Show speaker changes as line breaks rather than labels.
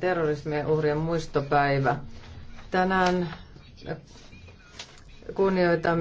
terrorismien uhrien muistopäivä. Tänään kunnioitamme